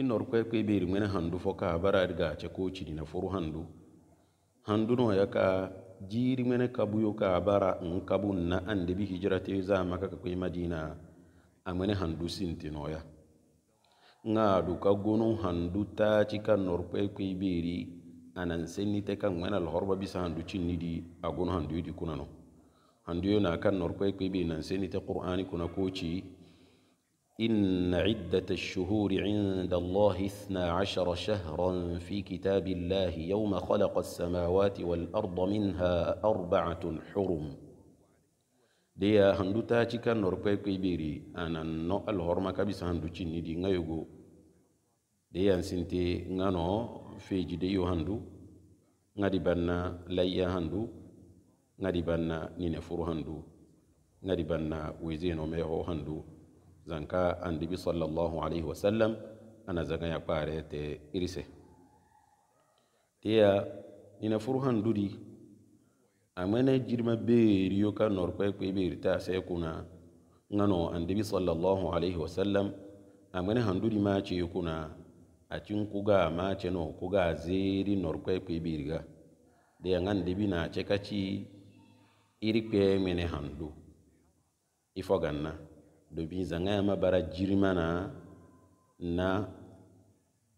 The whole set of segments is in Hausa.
inor kwe kwe beri mwene handu foka ache kochi ni na furu handu handu no yaka jiri mwene kabu yoka habara nkabu na andebi hijrati za maka kwe madina amwene handu sinti noya ngadu ka gono, handu tachi ka nor kwe kwe beri anan senni te ka mwene alhorba bisa handu chini di agono handu yudi kuna no handu yo na ka nor kwe kwe beri nan te qur'ani kuna kochi إن عدة الشهور عند الله اثنا عشر شهرا في كتاب الله يوم خلق السماوات والأرض منها أربعة حرم ديا هندو تاتي كان نوركوي كيبيري أنا نو الهرما كابيس هندو تشيني دي نيوغو ديا سنتي نانو في جديو هندو نادي بانا layya handu ngadi banna nine furu handu ngadi banna wezeno meho handu zanka annabi sallallahu alaihi wasallam ana zaganya kpaare te irise tiya ina furu han dudi amene jirma beeriyo ka norkoe kpe beerita see kuna ngano annabi sallallahu alaihi wasallam amene han dudi maace kuna acin kuga maace no kuga zeeri norkoe kpe beeriga deya ngan debi naace kaci iri kpe mene han du ifo ganna dobi zanga ma bara jirmana na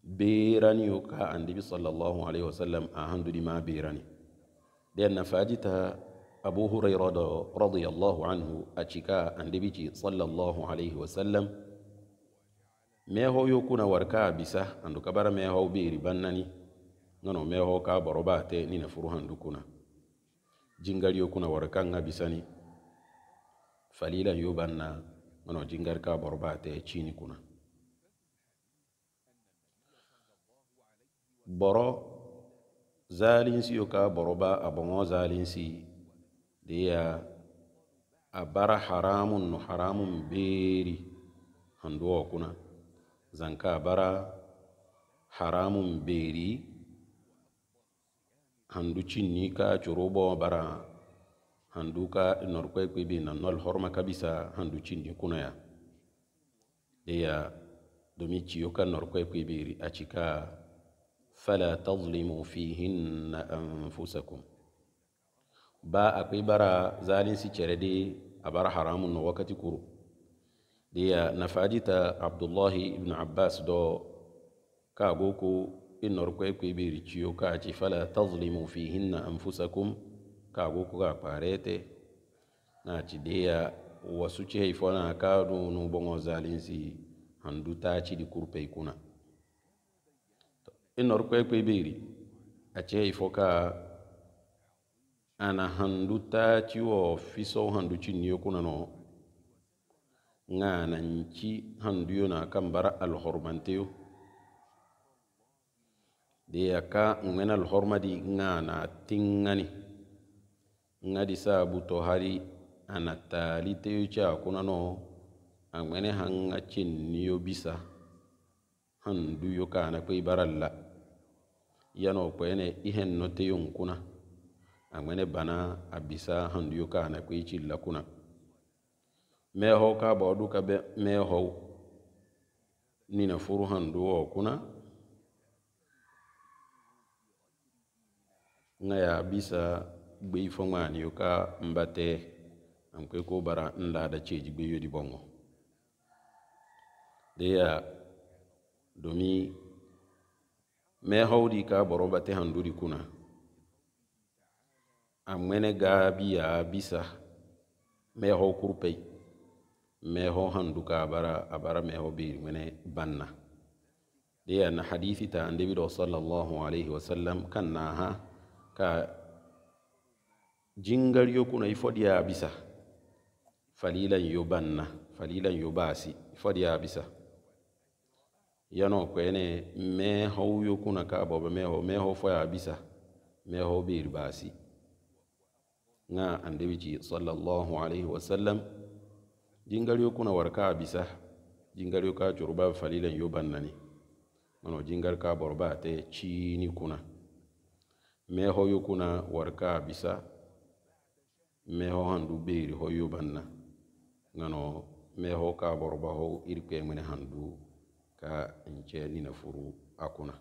berani ka annabi sallallahu alaihi wasallam ahandu di ma berani da na fajita abu hurairah da radiyallahu anhu achika cika annabi sallallahu alaihi wasallam meho yokuna warka bisa andu kabara meho beri bannani ngano meho ka baroba te ni na furu handu kuna jingal yokuna warka ngabisani bisani falilan yobanna jingar ka borobate chini kuna boro zalin si ka boroba abongo zalin si dia abara haramun no haramun beeri handuwo kuna zanka bara haramun beeri handu cinni ka curubo bara handuka norkwekwe be na nol horma kabisa handu chindi kunaya ya domi chiyoka norkwekwe beri achika fala tazlimu fihinna anfusakum ba akwai bara si cerede a bar haramun na wakati kuru ya nafajita abdullahi ibn abbas do ka goko in norkwekwe beri chiyoka achi fala tazlimu fihinna anfusakum Ka kago kuga te na cideya wasu na fona kadu nu bongo zalinsi handu ta ci di kurpe kuna inor kwekwe biri acehei foka ana handu ta ci fi fisow handu ci cinniyo kuna no ŋa nanci handuyo na kambara alhormanteyo deya ka ŋmena alhorma di ŋa na tingani ngadisa abu tohari anatali teuche akuna no angmene hanga chin niyo bisa handu yo kana kwe baralla yano kwene ihen no teyun kuna angmene bana abisa handu yo kana kwe chilla kuna meho ka bodu ka be meho nina furu handu wo kuna ngaya bisa gbe ifo nwaanyị ụka ka n ba tɛɛ n kwe ko bara n laada cheeji gbe yo di bɔŋɔ deya domi mɛ hawdi ka bɔrɔ ba tɛ han duri na, a ga gaa bi ya bisa mee ha kurpɛi mɛ haw han duka a bara a bara mɛ haw beeri banna, banna deya na hadithi ta ndị bido sallallahu alaihi wasallam kan naa ha ka jingal yo kuna ifodi ya bisa falilan yo banna falilan yo basi ifodi ya bisa yano ko ene me haw yo kuna ka boba me ho me ho fo ya bisa me ho bir basi nga ande wi sallallahu alaihi wa sallam jingal yo kuna warka bisa jingal yo ka churba falilan yo banna ni mano jingal ka borba te chini kuna me ho yo kuna warka bisa meho handu ɓeyri ho yobanna ngano meho ka borba ho irkue mene handu ka nce na furu akuna